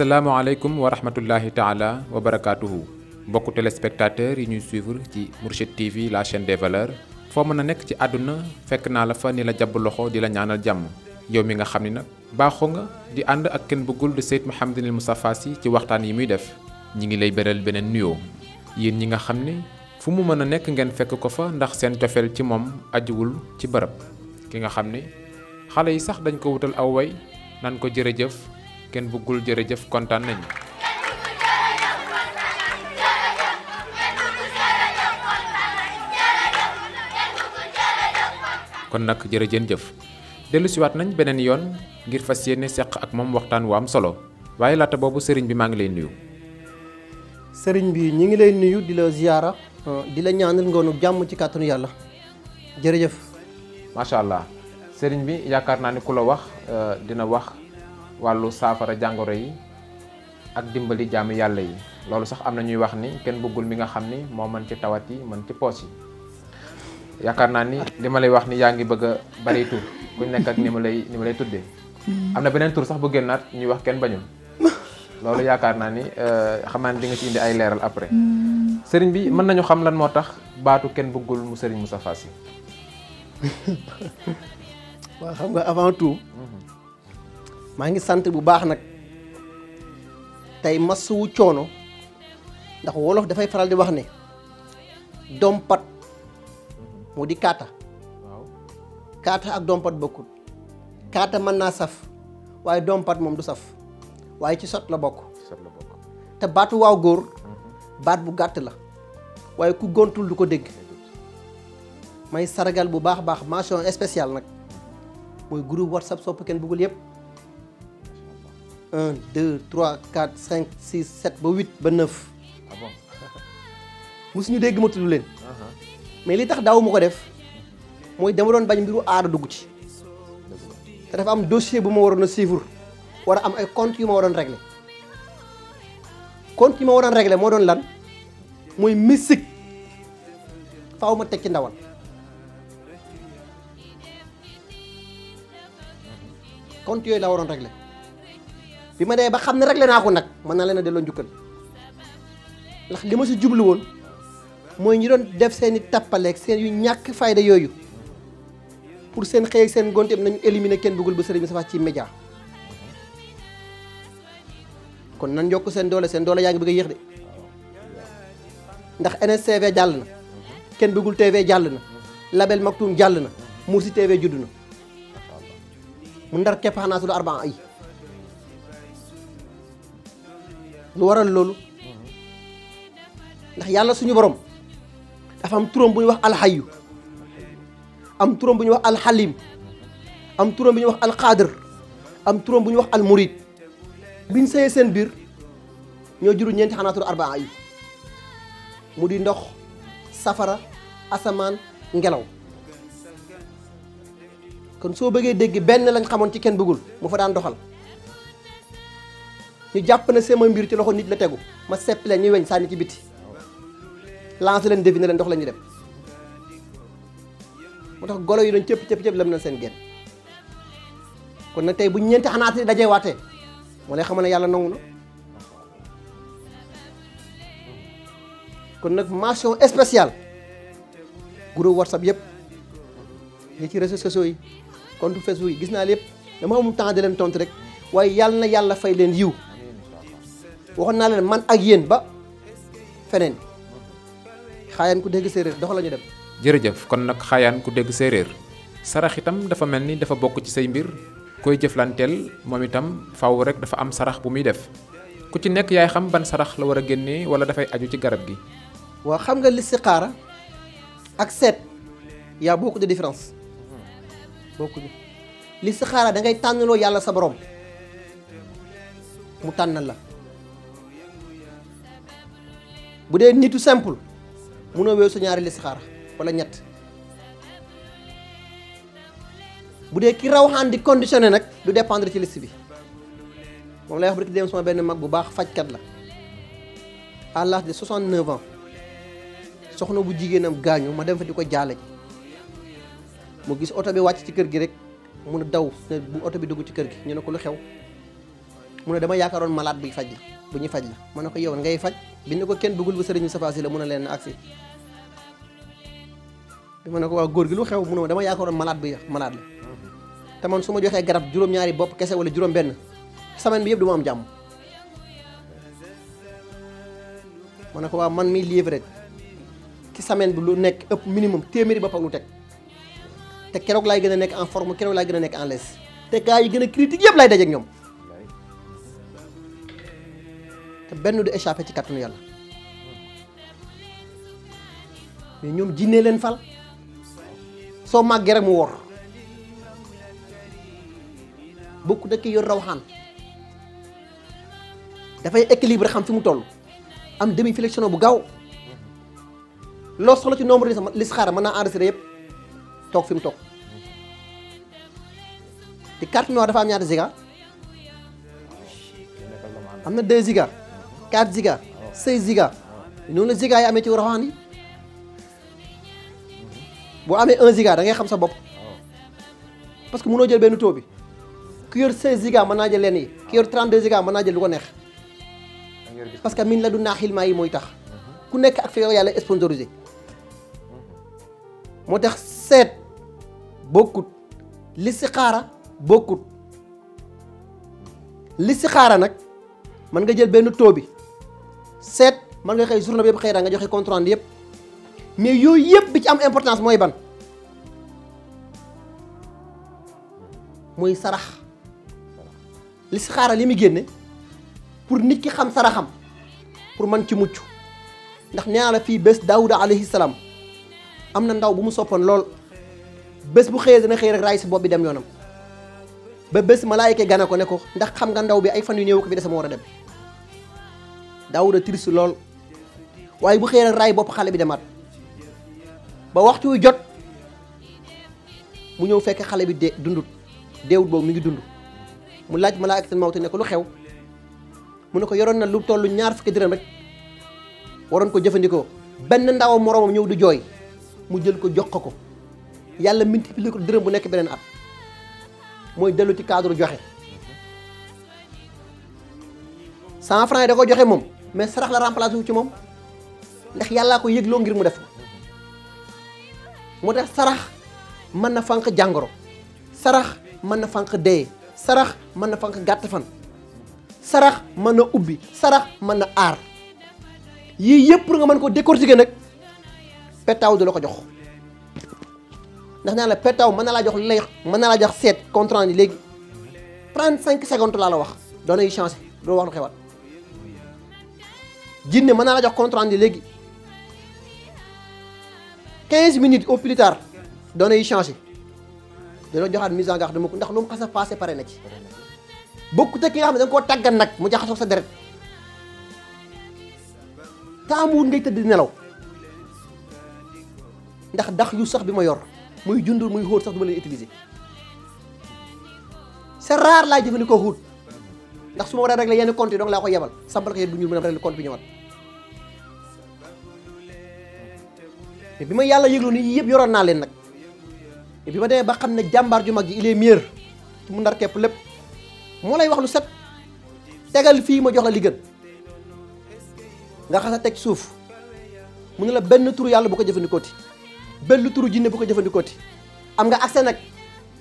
Assalamualaikum wa rahmatullahi taala wa barakaatuhu mbokku téléspectateurs yi ñuy suivre ci Mourchid TV la chaîne des valeurs Fo mëna nek ci aduna fekk na la fa ni la jabb loxo di la ñaanal jamm. yow mi nga xamni nak baxu nga di and ak kenn bëggul de Seydi Mouhamadinil Mustafa si ci waxtaan yi muy def ñi ngi lay bëral benen nuyo. Yeen ñi nga xamni fu mu mëna nek ngeen fekk ko fa ndax seen tofel ci moom ajuwul ci bërëb ki nga xamni xalé yi sax dañ ko wutal aw way nan ko jërëjëf kenn bëggul jerejef kontan nañ kon nag jërëjën jëf wat nañ benen yoon ngir fasiyene sekk ak mom waxtaan wu am solo waye lata bobu serigne bi ma ngi lay nuyu. serigne bi ñi ngi lay nuyu di la ziyaara di la ñaanal ngonu jamm ci yalla yàlla ma sha allah serigne bi yakarna ni kula wax dina wax walu safara jangoro yi ak dimbali jaamu yalla yi loolu sax amna ñuy wax ni ken bugul mi nga xamni ni man ci tawati man ci posi yi ni lima lay wax ni yaangi bëgg bari tour ku nekk ak ni lay ni lay tuddé hmm. amna benen tour tur sax bu gennat ñuy wax ken bañul loolu ni euh, xamaan di nga ci indi ay leral après hmm. serigne bi man nañu xam lan tax baatu mu serigne Moustapha wa xam nga avant tout mhm. maa ngi sant bu baax nag tey masuwu coono ndax wolof dafay faral di wax ne dompat moo di kaata kaata ak dompat bokkut kaata mën naa saf waaye dompat moom du saf waaye ci sot la bokk te baatu waaw góor mhm. baat bu gàtt la waaye ku gontul du ko dégg may sargal bu baax baax mention spéciale nag mooy gurub whatsapp sopp kenn bëggul yëpp 1 2 3 4 5 6 ba 8 ba 9. ah dégg ma tudd leen. Uh-huh. mais li tax daw ma ko def mooy dama doon bañ mbiru aada dugg ci. te dafa am dossier bu ma waroon a suivre war a am ay comptes yu ma waroon régle comptes yu ma waroon régler moo doon lan mooy mystique faw ma teg ci ndawal. comptes yooyu la waroon régler. bi ma dee ba xam ne rek naa ko nag mën na leen a delloo njukkal ndax li ma si jublu woon mooy ñu doon def seen i tappaleeg seen yu ñàkk fayda yooyu pour seen xëy ak seen gonteem nañu éliminer kenn bëggul ba sëriñ Moustapha ci média kon nan yokk seen doole seen doole yaa ngi bëgg a yéex de ndax NSTV jàll na kenn bëggul TV jàll na Label Maktoum jàll na Moursi TV judd na mu ndar keppaxanaa sulu arbaan ay lu waral loolu ndax yàlla suñu boroom dafa am turam bu ñuy wax alxayu am turam bu ñuy wax alxalim am turam bu ñuy wax alxaadir am turam bu ñuy wax almurid biñ sëyee seen biir ñoo juru ñeenti xanaatul arbaa yi mu di ndox safara asamaan ngelaw kon soo bëggee dégg benn lañ xamoon ci kenn bëggul mu fa daan doxal ñu jàpp na sama mbir ci loxo nit la tegu ma sepp leen ñuy weñ sànni ci biti lancé leen deviner leen dox la dem moo tax golo yi doon cépp cëpp cëpp lam na seen gen kon nag tey bu ñeenti xanaat yi dajee waatee moo lay xamal ne yàlla nangu na kon nag mention spéciale groupe whatsapp yëpp li ci réseaux sociaux yi compte Facebook yi gis naa lépp dama amul temps di leen tontu rek waaye yàlla na yàlla fay leen yiw waxon na len man ak yeen ba fenen xayan ku deg séeréer dox lañu dem. jërëjëf kon nak xayan ku dégg séeréer sarax itam dafa melni dafa bok ci sey mbir koy jëflanteel mom itam faaw rek dafa am sarax bu muy def ku ci nek yaay xam ban sarax la wara genné wala da fay aju ci garab gi. wa xam nga listixaara ak set ya beaucoup de différence beaucoup listixaara da ngay yalla sa borom mu tanal la bu dee nitu simple munoo weesu ñaari listixaar wala ñett bu dee ki di conditionné nag du dépendre ci liste bi moom lay wax rek dem sama benn mag bu baax fajkat la à l'âge de 69 ans soxna bu jigéenam gaañu ma dem fa di ko jaale ji mu gis oto bi wàcc ci kër gi rek mu a daw ne bu oto bi dugg ci kër gi ñu ne ko lu xew mu ne dama yaakaaroon malade buy faj la bu ñuy faj la ma ko yow ngay faj bi ko kenn bëggul bu sëriñ Moustapha Sy la mun a leen agsi bi ma ne ko waa góor gi lu xew munuma dama yaakaaroon malade bi malade la te man suma joxe garab juróom-ñaari bop kese wala juróom ben semaine bi yëpp du am jàmm ma ko waa man miy livré ci semaine bi lu nekk ëpp minimum téeméeri bop ak lu tek. te keroog lay gëna a nekk en forme keroog lay gëna a nekk en laisse te gars yi gëna critique yëpp ak ñom benn du échappé ci kàttanu yàlla ñoom jinne leen fal soo màggee rek mu wor bokku dëkk yor rawaxaan dafay équilibre xam fi mu toll am demi flexion bu gaaw loo soxla ci nombre li listixaara mën naa enregistré yëpp toog fi mu toog te carte dafa am ñaata giga na deux 4 giga 16 giga noonu la giga yi amee ci rawaan yi boo amee 1 giga da xam sa bopp parce que mënoo jël benn taux bi ku yor 16 giga mën naa jël lenn yi ku yor 32 giga mën naa jël lu ko neex parce que miin la du naaxil maa yi mooy tax ku nekk ak fi yow yàlla sponsorisé moo tax seet bokkut listixaara bokkut xaara nag mën nga jël benn taux bi seet mën nga xëy journée bi yëpp xëy na nga joxe compte rendu yëpp mais yooyu yëpp bi ci am importance mooy ban muy sarax li si xaaral li muy génne pour nit ki xam saraxam pour man ci mucc ndax nee la fii bés Daawuda alayhi salaam am na ndaw bu mu soppoon lool bés bu xëyee dana xëy rek raay si bopp bi dem yoonam ba bés malaayika gane ko ne ko ndax xam nga ndaw bi ay fan yu néew ko fi des moo war a dem. daawuda triste lool waaye bu xëyee nag raay bopp xale bi demaat ba waxtu wi jot mu ñëw fekk xale bi de dundu deewut boobu mi ngi dund mu laaj malaayikatul mawti ne ko lu xew mu ne ko yoroon na lu tollu ñaar fukki dërëm rek waroon ko jëfandikoo benn ndaw moroomam ñëw di jooy mu jël ko jox ko ko yàlla multiplier ko dërëm bu nekk beneen at mooy dellu ci cadre joxe cent franc da ko joxe moom mais sarax la remplacé wu ci moom ndax yàllaa ko yëgloo ngir mu def ko mu def sarax mën na fànq jàngoro sarax mën na fànq dee sarax mën na fànq gàtt fan sarax mën na ubbi sarax mën na aar yii yëpp pour nga mën ko décortiquer nag petaaw du la ko jox ndax naa la petaaw mën na laa jox li lay mën na laa jox seet contrant yi léegi 35 secondes laa la wax doonay changé doo wax lu xewaat jinne mën naa la jox compte rendu léegi 15 minutes au plus tard données yi changé dina joxaat mis en garde dama ko ndax lu mu xas a passé pare na ci bokkut ak ki nga xam ne da nga koo tàggat nag mu jaxasoo sa deret taamuwul ngay tëdd nelaw ndax dax yu sax bi ma yor muy jundur muy xóot sax du ma leen utiliser laa rare laay jëfandikoo xóot ndax su ma war a régler yenn compte yi donc laa ko yebal sampal ko yet bu ñuul mën a régler compte bi ñëwaat te bi ma yàlla yëglu ni yëpp yoroon naa leen nag te bi ma demee ba xam ne jàmbaar ju mag ji il est meilleur ci mu ndar képp lépp moo lay wax lu set tegal fii ma jox la li gën nga xas a teg suuf mu ne la benn turu yàlla bu ko jëfandikooti benn turu jinne bu ko jëfandikooti am nga accès nag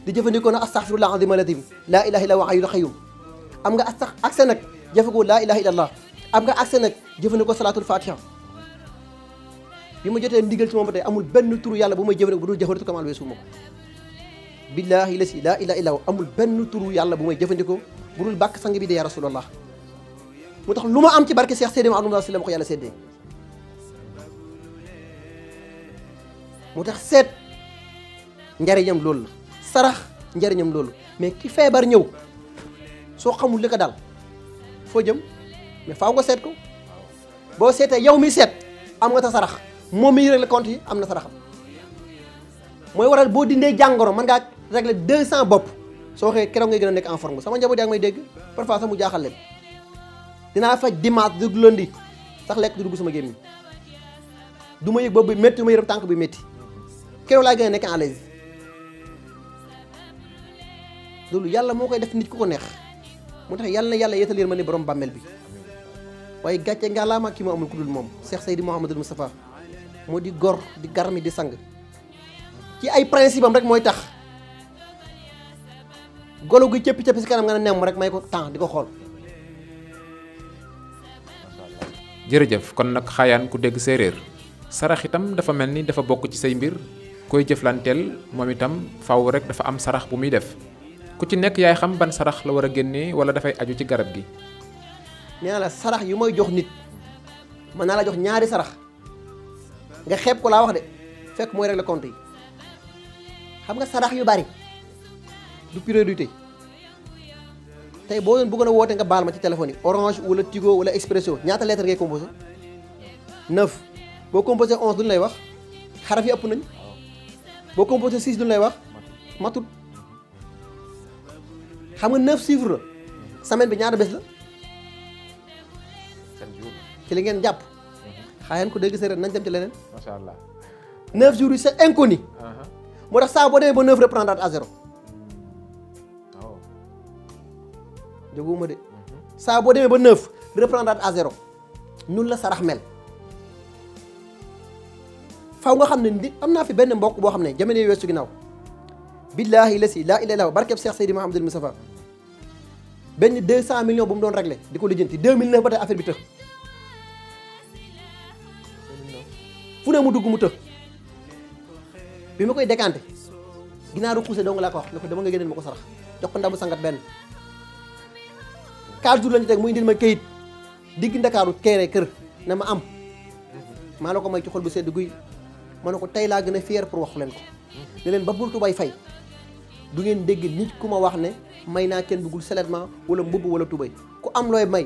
di jëfandikoo na astaghfirullah azim aladim laa ilaha illa wa hayyul qayyum am nga accès nag jëfandikoo laa ilaha illallah am nga accès nag jëfandikoo salaatul fatiha bi ma jotee ndigal ci moom ba tey amul benn turu yàlla bu may jëfandikoo bu dul jawharatul kamal weesu ma la si laa amul benn turu yàlla bu may jëfandikoo bu dul bàkk sang bi de ya rasulallah mu tax lu ma am ci barke Cheikh Seydina Alioune Sall ma ko yàlla séddee mu tax seet njariñam loolu la sarax njariñam loolu mais ki feebar ñëw soo xamul li ko daal foo jëm mais faaw nga seet ko boo seetee yow mi seet am nga ta sarax momi miy régler compte yi am saraxam mooy waral bo dindee jàngoro mën ngaa régler 200 bopp soo waxee keroog ngay gën an nekk en forme sama njaboot yaa ngi may dégg parfois sax mu jaaxal lek faj du lundi sax lek du dugg sama gémmiñ du ma yëg boobu métti du ma yërëm tànk bi métti keroog laa gën a nekk en l'aise loolu yàlla mo koy def nit ku ko neex mu tax yàlla na yàlla yeetal mani borom bàmmeel bi waaye gàcce ngalama ki amul kudul mom moom Cheikh moo di gor di garmi di sang ci ay principe am rek mooy tax golo gu cëpp cëpp si kanam nga ne rek may ko temps di xol xool jërëjëf kon nak xaayaan ku dégg séeréer sarax itam dafa mel ni dafa bokk ci say mbir koy jëflanteel moom itam faw rek dafa am sarax bu muy def ku ci nekk yaay xam ban sarax la war a génnee wala dafay aju ci garab gi nee la sarax yu may jox nit mën naa la jox ñaari sarax nga xeeb ko laa wax de fekk mooy régler compte yi xam nga sarax yu bari du priorité tey boo doon bëggoon a woote nga baal ma ci téléphone yi orange wala tigo wala expresso ñaata lettre ngay composé neuf boo composé onze duñu lay wax xaraf yi ëpp nañ boo composé six duñu lay wax matul xam nga neuf chiffres la semaine bi ñaata bés la ci li ngeen jàpp xaayaan ko dégg séeréer nañ dem ci leneen. macha allah neuf jours yi c'est inconnu. Uh-huh. moo tax saa boo demee ba neuf reprendre à zéro. waaw. Oh. jóguma de uh-huh. demee ba neuf reprendre à zéro ñun la sarax mel. faw nga xam ne ndi am naa fi benn mbokk boo xam ne jamono yooyu weesu ginnaaw billaahi la si laa ilaaha barkeb Cheikh Seydi Mahamadul Moustapha benn 200 millions bu mu doon réglé di ko lijjanti 2009 ba tey affaire bi tëx. fu ne mu dugg mu të bi ma koy décanté ginaaru xuuse dong laa ko wax ne ko dama nga génneel ma ko sarax jox ko ndamu sangat benn quatre jours lañu teg mu indil ma kayit digg ndakaaru keere kër na ma am maa la ko may ci xol bu sedd guy ma ne ko tey laa gën a fier pour waxu leen ko ne leen ba buntu bay fay du ngeen dégg nit ku ma wax ne may naa kenn duggul seulement wala mbubb wala tubay ku am looy may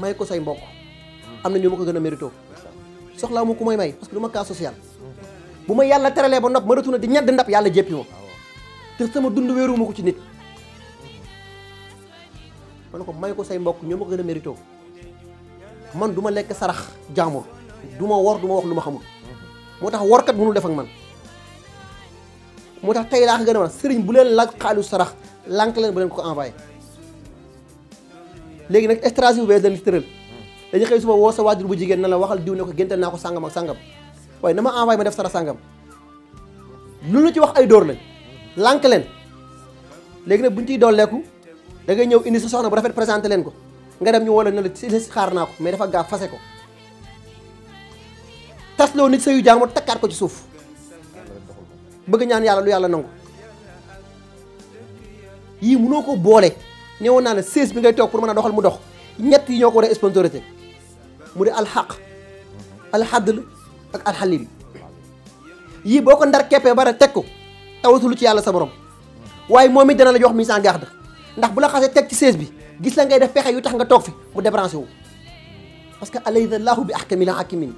may ko say mbokk am na ñu ma ko gën a mérito soxlaa mu ku may may parce que du ma cas social bu ma yàlla teralee ba nopp ma retourné di ñedd ndab yàlla jéppi ma te sama dund wéeru ma ko ci nit ma ko may ko say mbokk ñoo ma ko gën a mérito man du ma lekk sarax jaamur du ma wor du ma wax lu ma xamul moo tax workat mënul def ak man moo tax tey laa ko gën a man sëriñ bu leen la xaalis sarax lànk leen bu leen ko envoyé léegi nag stratégie bu leen tëral dañu xëy suba woo sa waajur bu jigéen na la waxal diw ne ko génte naa ko sàngam ak sàngam waaye na ma envoyé ma def sara sàngam lu lu ci wax ay dóor lañ lànk leen léegi nag buñ ciy dooleeku da ngay ñëw indi sa soxna bu rafet présenté leen ko nga dem ñu wala na la si xaar naa ko mais dafa gaa fase ko tasloo nit sëyu jaamu takkaat ko ci suuf bëgg ñaan yàlla lu yàlla nangu yii mu mënoo ko boole newoon naa ne 16 bi ngay toog pour mën a doxal mu dox ñett yi ñoo ko mu di alxaq alxadl ak alxalim yii boo ko ndar keppee bara teg ko tawatulu ci yàlla sa borom waaye moom it dana la jox mise en garde ndax bu la xasee teg ci sees bi gis la ngay def pexe yu tax nga toog fi mu débranché wu parce que alaysa laahu bi ahkamil hakimin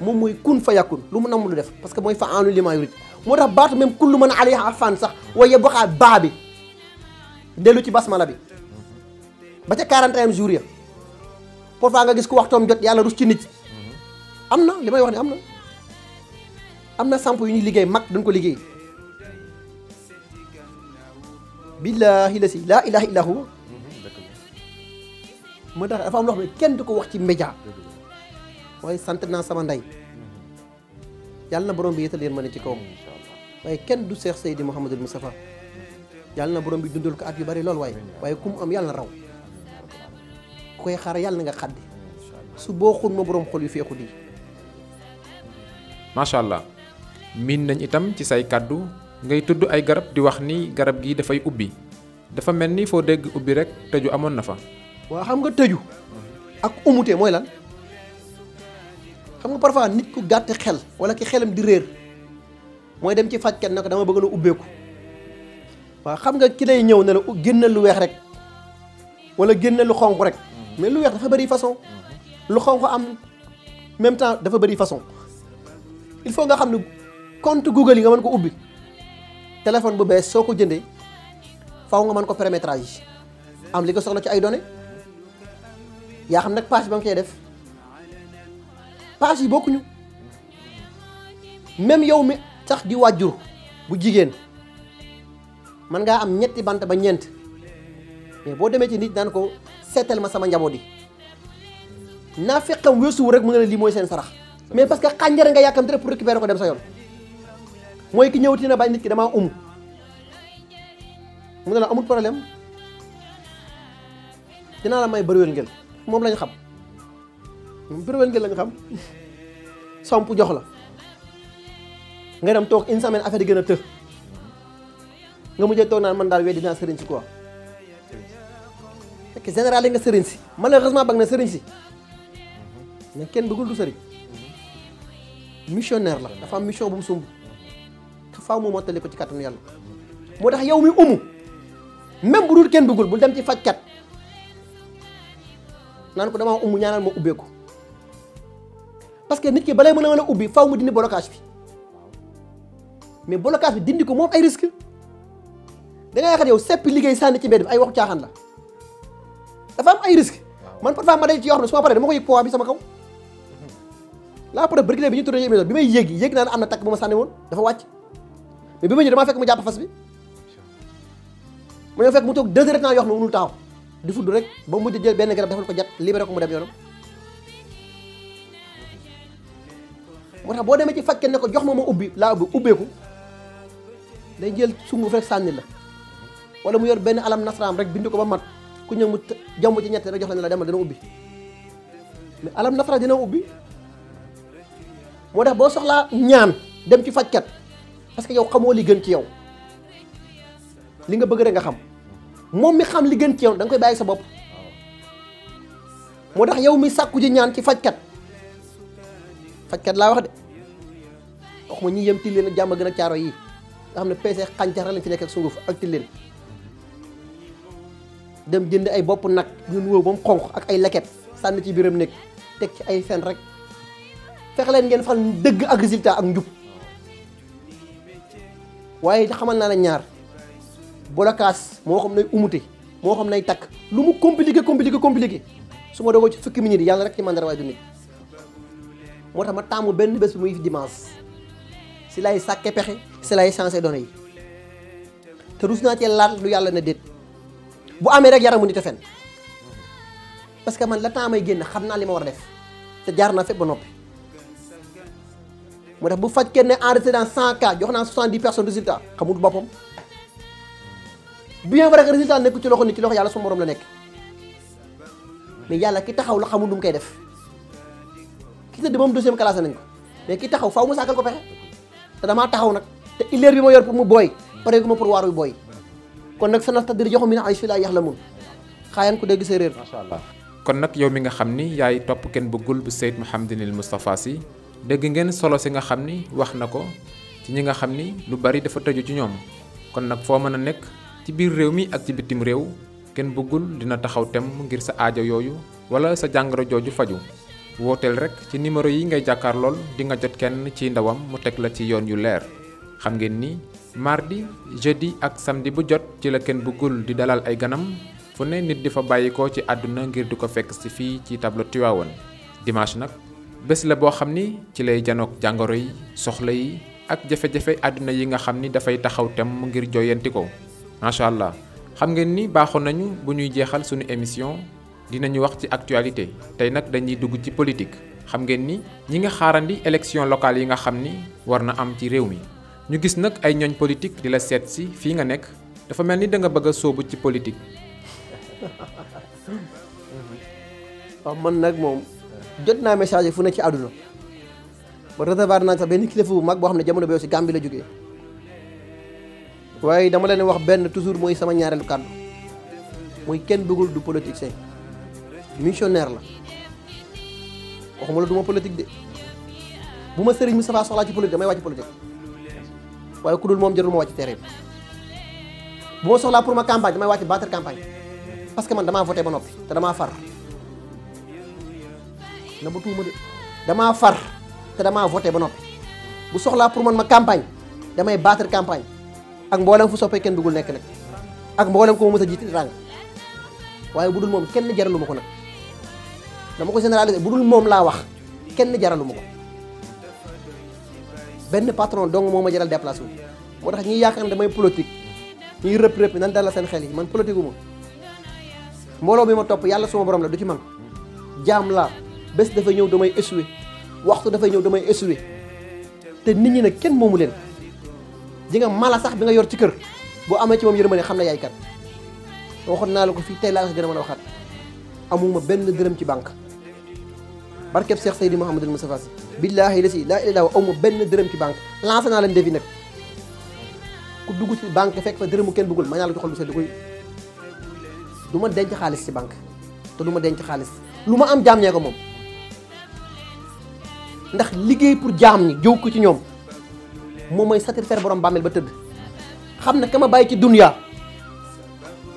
moom mooy kun fa yakun lu mu namm lu def parce que mooy fa anu lima yurid moo tax baatu même kullu man alayha fan sax wa yabqa baa bi dellu ci basmala bi ba ca 41 parfois nga gis ku waxtoom jot yàlla rus ci nit am na li may wax ne am na am na samp yu ñuy liggéey mag dañ ko liggéey billaahi la si laa ilaaha illaa huwa moo tax dafa am loo xam kenn du ko wax ci média waaye sant naa sama ndey yàlla na borom bi yéetal leen ma ne ci kawam waaye kenn du seex Seydi Mouhamadul Moustapha yàlla na borom bi dundal ko at yu bari lool waaye waaye ku am yàlla na raw koy yang yalla nga xaddi su bokkul mo borom xol yu fexu di machallah allah min nañ itam ci say kaddu ngay tudd ay garab di wax ni garab gi fay ubbi dafa mel ni foo dégg ubbi rek teju amon nafa wa xam nga teju ak umute moy lan xam nga parfois nit ku gàtt xel wala ki xelam di reer moy dem ci fajj ken ko dama bëgg ubbe ko wa xam nga ki lay ñew na la gennal lu wex rek wala gennal lu xonku rek mais lu weex dafa bëri façon lu xonq am même temps dafa bëri façon il faut nga xam compte Google yi nga mën ko ubbi téléphone bu bees soo ko jëndee faw nga mën ko paramétrage am li nga soxla ci ay données yaa xam nag page ba nga def page yi bokkuñu même yow mi sax di wajur, bu jigéen mën ngaa am ñetti bant ba ñeent mais boo demee ci nit naan ko setel ma sama njaboot yi naa fekkam wu rek mu ne li moy sen sarax mais parce que xànjar nga yakam rek pour récupérer ko dem sa yoon moy ki ñëwati na bañ nit ki dama um mu ne amul problème dina la may bëriwél ngeen mom lañ xam bëriwél ngeen lañ xam somp jox la nga dem tok une semaine affaire yi gën a të nga mujjee toog naan man dal weddi sëriñ ci quoi fekk général nga sëriñ si ma bag na sëriñ si mais kenn bëggul du sëriñ missionaire la dafa mission bu mu sumb te faaw mu mottali ko ci kàttanu yàlla moo tax yow mi umu même bu dul kenn bëggul bu dem ci fajkat naan ko damaa umu ñaanal ma ubbeeku parce nit ki balay mën a mën a ubbi faw mu dindi blocage bi mais blocage bi dindi ko moom ay risque da ngay xat seppi liggéey sànni ci mbedd bi ay waxu caaxaan la dafa am ay risque man parfois ma day ci yoo xam ne su ma paree dama ko yëg poids bi sama kaw la preuve bërki bi ñu tourné émission bi may yéeg yéeg naa ne am na takk bu ma sànni woon dafa wàcc mais bi ma ñëw damaa fekk mu jàpp fas bi ma ñëw fekk mu toog deux heures de temps yoo xam taaw di fudd rek ba mujj jël benn garab defal ko jat libere ko mu dem yoonam moo tax boo demee ci fakkee ne ko jox ma ma ubbi laa ubbi ubbeeku day jël sunguf rek sànni la wala mu yor benn alam nasraam rek bind ko ba mat ku ñëw mu jàmm ci ñett rek jox la ne la demal dina ubbi mais alam nafara dina ubbi moo tax boo soxlaa ñaan dem ci fajkat parce que yow xamoo li gën ci yow li nga bëgg rek nga xam moom mi xam li gën ci yow danga koy bàyyi sa bopp moo tax yow mi sàkku ci ñaan ci fajkat fajkat laa wax de waxuma ñi yem tilleen ak jàmm gën a caaro yi nga xam ne peese xàncax rek lañ ci nekk ak sunguf ak tilleen dem jënd ay bopp nag ñun woow ba mu xonq ak ay leket sànni ci biram nekk teg ci ay fen rek fexe leen ngeen fal dëgg ak résultat ak njub waaye xamal naa la ñaar bolokaas moo xam nay umute moo xam nay takk lu mu compliqué compliqué compliqué su ma dogoo ci fukki minute yàlla rek ci mandarawaay du nit moo tax ma taamu benn bés bu muy fi dimanche si lay sàkke pexe si lay changé données yi te rus naa lu yàlla na déet bu amé rek yaramu nit a fen parce que man la tamay may génn xam naa li ma war def te jaar na fépp ba noppi mo tax bu fajj ne en résidence 100 cas jox na 70 personnes résultat xamul boppam bien vrai résultat nek ci loxo nit ci loxo yalla su borom la nek mais yalla ki taxaw la xamul dum kay def ki tëdd moom deuxième classe nañ ko mais ki taxaw faaw mu sàkkal ko pexe te damaa taxaw nak te illeer bi mo yor pour mu boy pare ko mo pour waru boy kon nag tadir joxum min aish si yahlamun khayan ku dégg séeréer kon nak yow mi nga xamni yaay top ken bu gul bu Seyd al mustafa si dégg ngeen solo si nga xamni wax nako ci ñi nga xamni lu bari dafa tëju ci ñom kon nak fo meuna nek ci bir rew mi ak ci bitim ken bu gul dina taxaw tem ngir sa aajo yoyu wala sa jangoro joju faju wotel rek ci numéro yi ngay lol di nga jot kenn ci ndawam mu tek la ci yoon yu leer xam ngeen ni mardi jeudi ak samedi bu jot ci la di dalal ay ganam fu ne nit di fa ci aduna ngir di fekk ci fi ci tableau tiwawon dimanche nak bes la bo xamni ci lay janok jangoro yi soxla yi ak jafé jafé aduna yi nga xamni ni fay taxaw tem ngir joyanti ko macha xam ngeen ni baxu nañu bu ñuy jéxal suñu émission dinañu wax ci actualité tay nak dañuy dugg ci politique xam ngeen ni ñi nga xaarandi élection locale yi nga xamni warna am ci réew mi ñu gis nak ay ñooñ politique di la seet si fii nga nekk dafa mel ni da nga bëgg a sóobu ci politique waaw man nag moom jot naa message fu ne ci àdduna ba recevoir naa sax benn kilifa bu mag boo xam ne jamono bi si Gambie la jógee waaye dama leen wax benn toujours mooy sama ñaareelu kàddu mooy kenn bëggul du politique politicien missionnaire la waxuma la duma politique de bu ma sëriñ Moustapha soxlaa ci politique damay wàcc politique waaye ku dul moom jarul ma wàcc terrain bu ma soxlaa pour ma campagne damay wàcc battre campagne parce que man damaa voté ba noppi te damaa far na ba damaa far te damaa voté ba noppi bu soxlaa pour man ma campagne damay battre campagne ak mboolem fu soppee kenn dugul nekk nag ak mboolem ko ma mës a jiite ràng waaye bu dul moom kenn jaraluma ko nag dama ko généraliser bu dul moom laa wax kenn jaraluma ko ben patron dong moma jaral déplacer wu tax ñi yaakaar ne damay politique ñi rep rep nan la seen xel yi man politique uma mbolo bi ma top yalla suma borom la du ci man jam la bes dafa ñew damay échoué waxtu dafa ñew damay échoué té nit ñi nak kenn momu len di nga mala sax bi nga yor ci kër boo amé ci mom yërmane xam na yaay kat waxon na la ko fi tey la gëna mëna waxat amuma benn dërëm ci bank barkep Cheikh Seydi mohammed Moustapha mustafa billaahi de si laa ilaaha aw ma benn dërëm ci banque lancé naa leen devis nag ku dugg ci banque fekk fa dërëmu kenn bëggul ma ñaa la joxal bu sedd koy du ma denc xaalis ci banque te du ma denc xaalis lu ma am jaam ñee ko moom ndax liggéey pour jaam ni jëw ko ci ñoom moom mooy satisfaire borom bàmmeel ba tëdd xam na ka ma bàyyi ci dunya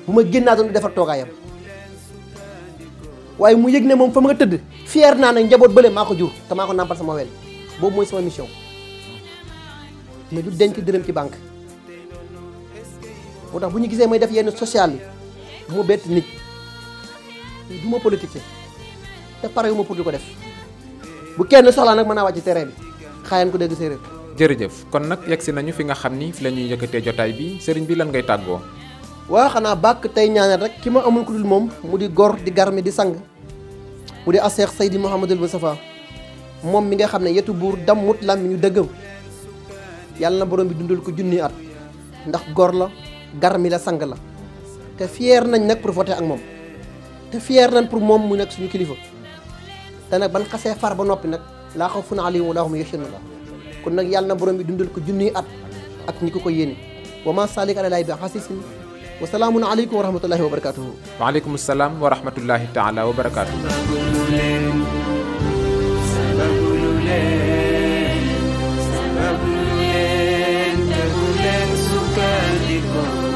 bu ma génnaa doon defar toogaayam waaye mu yegne mom fam ma nga teud fier na na njabot bële mako jur te mako nampal sama wel boobu moy sama mission mais du denc deureum ci bank moo tax bu ñu gisee may def yenn social mu bet nit du ma politique te pare wu pour diko def bu kenn soxla nak mën wacc terrain bi xaayaan ko dégg séeréer jërëjëf kon nak yegsi nañu fi nga xamni fi lañuy ñuy jotay bi sëriñ bi lan ngay taggo wa xana bak tay ñaanal rek kima amul kudul mom mu di gor di garmi di sang bu dee aseex saydi Mouhamadul Moustapha moom mi nga xam ne yetu buur dammut ñu dëggam yàlla na borom bi dundal ko junni at ndax gor la garmi la sang la te fier nañ nag pour voter ak moom te fier nañ pour moom mu nekk suñu kilifa te nag ban xasee far ba noppi nag laa xaw fu naa wa laa hum yahzanun la kon nag yàlla na borom bi dundal ko junni at ak ñu ko ko yéene wa ma ka alalay bi xasisin والسلام عليكم ورحمة الله وبركاته وعليكم السلام ورحمة الله تعالى وبركاته سبب سبب